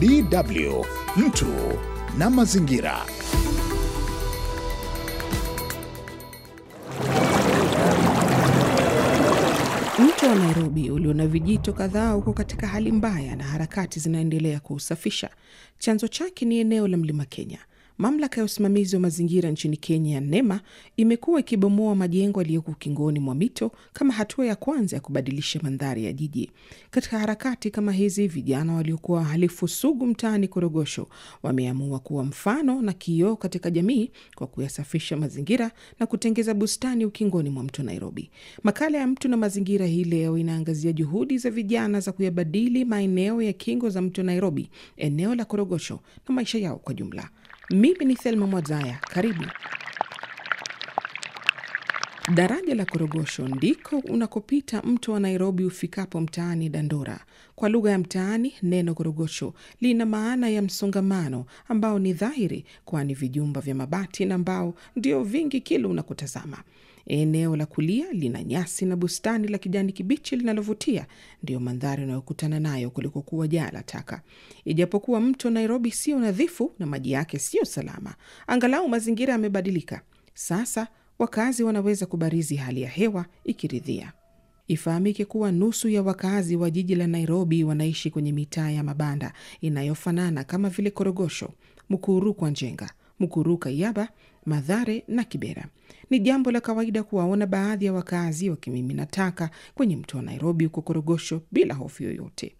DW mtu na mazingira. Mto wa Nairobi ulio na vijito kadhaa uko katika hali mbaya na harakati zinaendelea kuusafisha. Chanzo chake ni eneo la Mlima Kenya Mamlaka ya usimamizi wa mazingira nchini Kenya, NEMA, imekuwa ikibomoa majengo yaliyoko ukingoni mwa mito kama hatua ya kwanza ya kubadilisha mandhari ya jiji. Katika harakati kama hizi, vijana waliokuwa wahalifu sugu mtaani Korogosho wameamua kuwa mfano na kioo katika jamii kwa kuyasafisha mazingira na kutengeza bustani ukingoni mwa mto Nairobi. Makala ya Mtu na Mazingira hii leo inaangazia juhudi za vijana za kuyabadili maeneo ya kingo za mto Nairobi, eneo la Korogosho na maisha yao kwa jumla. Mimi ni Thelma Mwadzaya, karibu. Daraja la Korogosho ndiko unakopita mto wa Nairobi ufikapo mtaani Dandora. Kwa lugha ya mtaani, neno korogosho lina maana ya msongamano ambao ni dhahiri, kwani vijumba vya mabati na mbao ndio vingi kila unakotazama. Eneo la kulia lina nyasi na bustani la kijani kibichi linalovutia, ndiyo mandhari unayokutana nayo kuliko kuwa jaa la taka. Ijapokuwa mto Nairobi sio nadhifu na maji yake siyo salama, angalau mazingira yamebadilika sasa. Wakazi wanaweza kubarizi hali ya hewa ikiridhia. Ifahamike kuwa nusu ya wakazi wa jiji la Nairobi wanaishi kwenye mitaa ya mabanda inayofanana kama vile Korogosho, Mukuru kwa Njenga, Mukuru Kayaba madhare na Kibera. Ni jambo la kawaida kuwaona baadhi ya wakazi wakimimina taka kwenye mto wa Nairobi huko Korogosho bila hofu yoyote.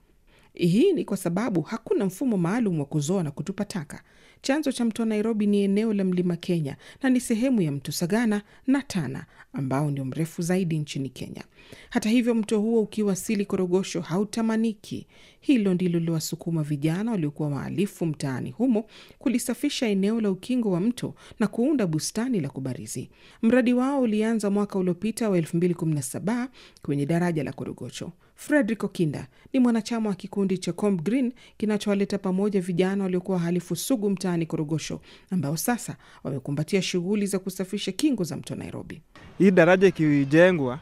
Hii ni kwa sababu hakuna mfumo maalum wa kuzoa na kutupa taka. Chanzo cha mto Nairobi ni eneo la mlima Kenya na ni sehemu ya mto Sagana na Tana ambao ndio mrefu zaidi nchini Kenya. Hata hivyo, mto huo ukiwasili Korogosho hautamaniki. Hilo ndilo liliwasukuma vijana waliokuwa wahalifu mtaani humo kulisafisha eneo la ukingo wa mto na kuunda bustani la kubarizi. Mradi wao ulianza mwaka uliopita wa 2017 kwenye daraja la Korogosho. Fredrick Okinda ni mwanachama wa kikundi cha Comb Green kinachowaleta pamoja vijana waliokuwa wahalifu sugu mtaani Korogosho, ambao sasa wamekumbatia shughuli za kusafisha kingo za mto Nairobi. Hii daraja ikijengwa,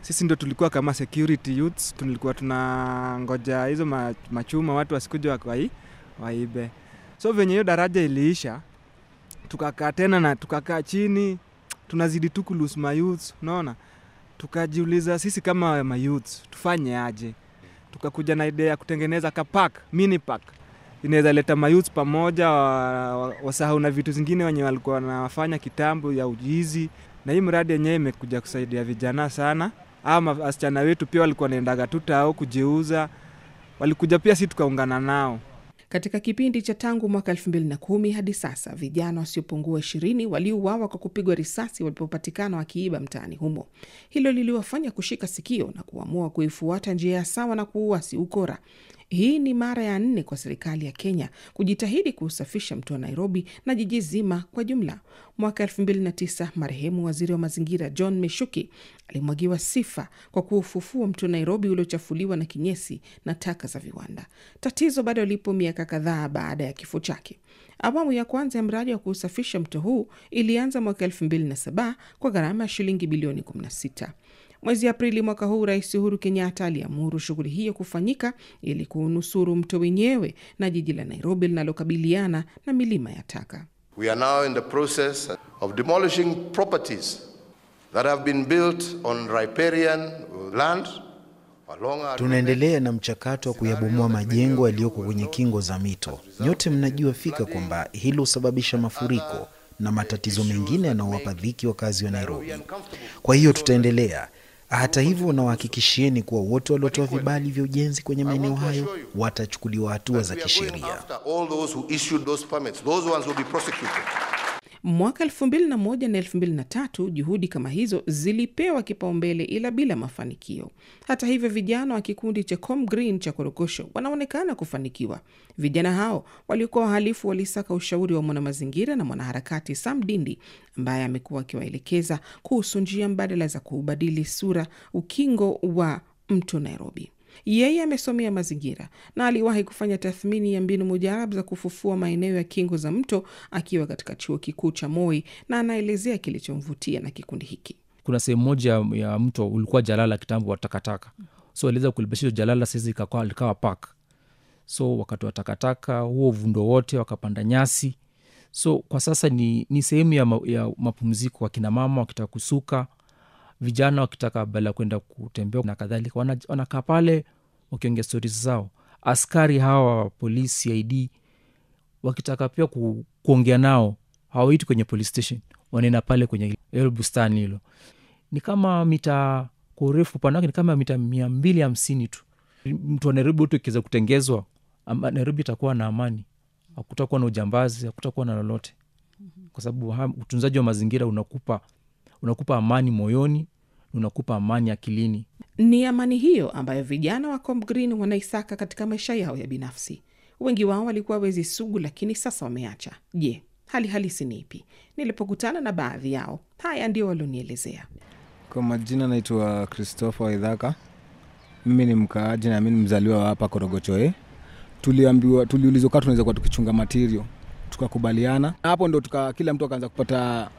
sisi ndio tulikuwa kama security youths, tulikuwa tunangoja hizo machuma watu wasikuja waibe. So venye hiyo daraja iliisha, tukakaa tena na tukakaa chini, tunazidi tu kulus mayouths, unaona tukajiuliza sisi kama mayouth tufanye aje tukakuja na idea ya kutengeneza kapak mini park inaweza leta mayouth pamoja wasahau na vitu zingine wenye walikuwa wanafanya kitambo ya ujizi na hii mradi yenyewe imekuja kusaidia vijana sana ama wasichana wetu pia walikuwa naendaga tuta au kujiuza walikuja pia si tukaungana nao katika kipindi cha tangu mwaka 2010 hadi sasa, vijana wasiopungua 20 waliuawa kwa kupigwa risasi walipopatikana wakiiba mtaani humo. Hilo liliwafanya kushika sikio na kuamua kuifuata njia ya sawa na kuuasi ukora. Hii ni mara ya nne kwa serikali ya Kenya kujitahidi kuusafisha mto wa Nairobi na jiji zima kwa jumla. Mwaka 2009 marehemu waziri wa mazingira John Meshuki alimwagiwa sifa kwa kuufufua mto Nairobi uliochafuliwa na kinyesi na taka za viwanda. Tatizo bado lipo miaka kadhaa baada ya kifo chake. Awamu ya kwanza ya mradi wa kuusafisha mto huu ilianza mwaka 2007 kwa gharama ya shilingi bilioni 16. Mwezi Aprili mwaka huu, Rais Uhuru Kenyatta aliamuru shughuli hiyo kufanyika ili kuunusuru mto wenyewe na jiji la Nairobi linalokabiliana na milima ya taka. We are now in the process of demolishing properties that have been built on riparian land. Tunaendelea na mchakato wa kuyabomoa majengo yaliyoko kwenye kingo za mito. Nyote mnajua fika kwamba hilo husababisha mafuriko na matatizo mengine yanaowapa dhiki wakazi wa Nairobi. Kwa hiyo tutaendelea hata hivyo, nawahakikishieni kuwa wote waliotoa vibali vya ujenzi kwenye maeneo hayo watachukuliwa hatua za kisheria. Mwaka 21 na 23 juhudi kama hizo zilipewa kipaumbele, ila bila mafanikio. Hata hivyo, vijana wa kikundi cha Com Green cha Korogosho wanaonekana kufanikiwa. Vijana hao waliokuwa wahalifu walisaka ushauri wa mwanamazingira na mwanaharakati Sam Dindi ambaye amekuwa akiwaelekeza kuhusu njia mbadala za kuubadili sura ukingo wa mto Nairobi. Yeye amesomea mazingira na aliwahi kufanya tathmini ya mbinu mujarab za kufufua maeneo ya kingo za mto akiwa katika chuo kikuu cha Moi, na anaelezea kilichomvutia na kikundi hiki. Kuna sehemu moja ya mto ulikuwa jalala kitambo wa takataka, so aliweza kulibesha jalala saizi likawa park, so wakatoa takataka huo vundo wote, wakapanda nyasi. So kwa sasa ni, ni sehemu ya, ma, ya mapumziko, wakinamama wakitaka kusuka vijana wakitaka bala kwenda kutembea na kadhalika wanakaa wana pale wakiongea stori zao askari hawa polisi id wakitaka pia ku, kuongea nao hawaiti kwenye police station wanaenda pale kwenye hilo bustani hilo ni kama mita kwa urefu upande wake ni kama mita mia mbili hamsini tu mtu wa nairobi tu ikiweza kutengezwa nairobi itakuwa na amani akutakuwa na ujambazi akutakuwa na lolote kwa sababu utunzaji wa mazingira unakupa unakupa amani moyoni unakupa amani akilini. Ni amani hiyo ambayo vijana wa Combe Green wanaisaka katika maisha yao ya binafsi. Wengi wao walikuwa wezi sugu, lakini sasa wameacha. Je, hali halisi ni ipi? Nilipokutana na baadhi yao, haya ndio walionielezea. Kwa majina, naitwa Christopher Waidhaka. Mimi ni mkaaji na mi ni mzaliwa wa hapa Korogochoe. Tuliambiwa, tuliulizwa kaa tunaweza kuwa tukichunga matirio, tukakubaliana hapo, ndo tuka kila mtu akaanza kupata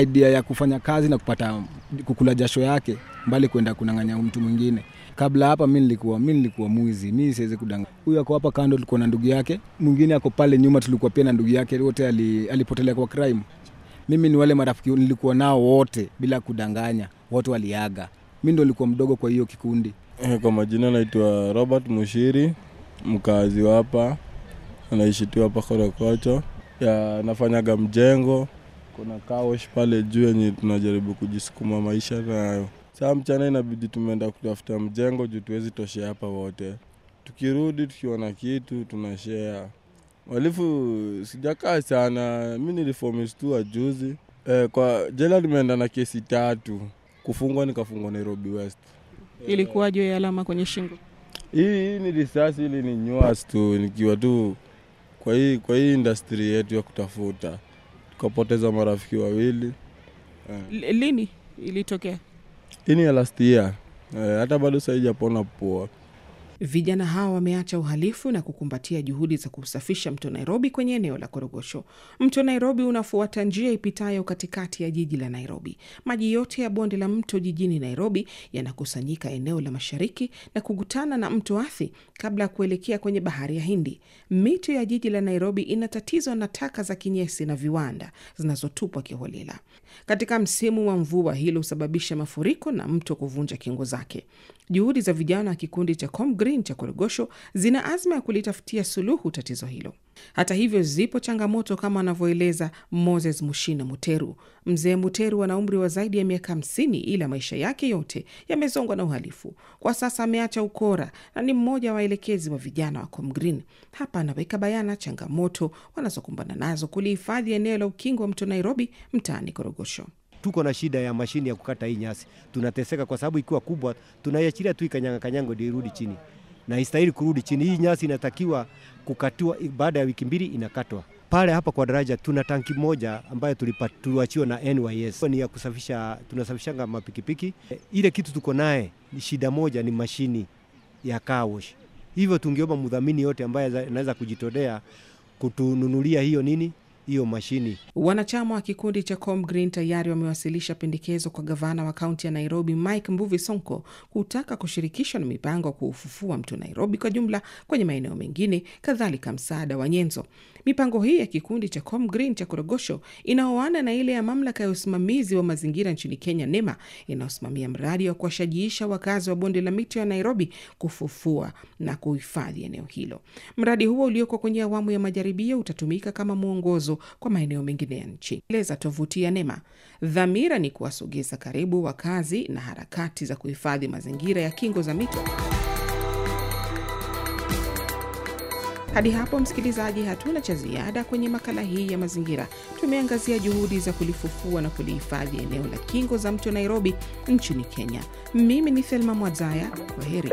idea ya kufanya kazi na kupata kukula jasho yake mbali kwenda kunang'anya mtu mwingine. Kabla hapa mi nilikuwa mi nilikuwa mwizi, mi siwezi kudanga. Huyu ako hapa kando, tulikuwa na ndugu yake, mwingine ako pale nyuma, tulikuwa pia na ndugu yake, wote alipotelea kwa crime. Mimi ni wale marafiki nilikuwa nao wote, bila kudanganya, wote waliaga. Mi ndo nilikuwa mdogo kwa hiyo kikundi. Eh, kwa majina naitwa Robert Mushiri, mkazi wa hapa, anaishi tu hapa Korokocho, ya nafanyaga mjengo kuna kaosh pale juu yenye tunajaribu kujisukuma maisha nayo. Saa mchana inabidi tumeenda kutafuta mjengo juu tuwezi toshea hapa wote. Tukirudi tukiona kitu tunashea. Walifu sijakaa sana, mi nilifomistu juzi e, kwa jela nimeenda na kesi tatu, kufungwa nikafungwa Nairobi West. ilikuwa juu ya alama kwenye shingo hii, hii ni risasi ili ni nywas tu nikiwa tu kwa hii, kwa hii industry yetu ya kutafuta tukapoteza marafiki wawili lini ilitokea ini ya last year eh, hata bado saijapona poa Vijana hawa wameacha uhalifu na kukumbatia juhudi za kusafisha mto Nairobi kwenye eneo la Korogosho. Mto Nairobi unafuata njia ipitayo katikati ya jiji la Nairobi. Maji yote ya bonde la mto jijini Nairobi yanakusanyika eneo la mashariki na kukutana na mto Athi kabla ya kuelekea kwenye bahari ya Hindi. Mito ya jiji la Nairobi inatatizwa na taka za kinyesi na viwanda zinazotupwa kiholela. Katika msimu wa mvua, hilo husababisha mafuriko na mto kuvunja kingo zake. Juhudi za vijana wa kikundi cha Green cha Korogosho zina azma ya kulitafutia suluhu tatizo hilo. Hata hivyo, zipo changamoto kama anavyoeleza Moses Mushina Muteru. Mzee Muteru ana umri wa zaidi ya miaka hamsini, ila maisha yake yote yamezongwa na uhalifu. Kwa sasa ameacha ukora na ni mmoja wa waelekezi wa vijana wa Comgreen. Hapa anaweka bayana changamoto wanazokumbana nazo kulihifadhi eneo la ukingo wa mto Nairobi, mtaani Korogosho tuko na shida ya mashini ya kukata hii nyasi, tunateseka kwa sababu ikiwa kubwa tunaiachilia tu ikanyanga kanyango ndio irudi chini, na istahili kurudi chini. Hii nyasi inatakiwa kukatiwa baada ya wiki mbili, inakatwa pale. Hapa kwa daraja tuna tanki moja ambayo tuliachiwa na NYS, ni ya kusafisha, tunasafishanga mapikipiki. Ile kitu tuko naye ni shida moja ni mashini ya car wash, hivyo tungeomba mdhamini yote ambaye anaweza kujitolea kutununulia hiyo nini hiyo mashini. Wanachama wa kikundi cha Com Green tayari wamewasilisha pendekezo kwa gavana wa kaunti ya Nairobi Mike Mbuvi Sonko kutaka kushirikishwa na mipango ya kuufufua mto Nairobi kwa jumla kwenye maeneo mengine, kadhalika msaada wa nyenzo. Mipango hii ya kikundi cha ComGreen cha Korogosho inaoana na ile ya mamlaka ya usimamizi wa mazingira nchini Kenya, NEMA, inayosimamia mradi wa kuwashajiisha wakazi wa bonde la mito ya Nairobi kufufua na kuhifadhi eneo hilo. Mradi huo ulioko kwenye awamu ya majaribio utatumika kama mwongozo kwa maeneo mengine ya nchi. Eleza tovuti ya NEMA, dhamira ni kuwasogeza karibu wakazi na harakati za kuhifadhi mazingira ya kingo za mito. Hadi hapo msikilizaji, hatuna cha ziada kwenye makala hii ya mazingira. Tumeangazia juhudi za kulifufua na kulihifadhi eneo la kingo za mto Nairobi nchini Kenya. Mimi ni Thelma Mwadzaya, kwa heri.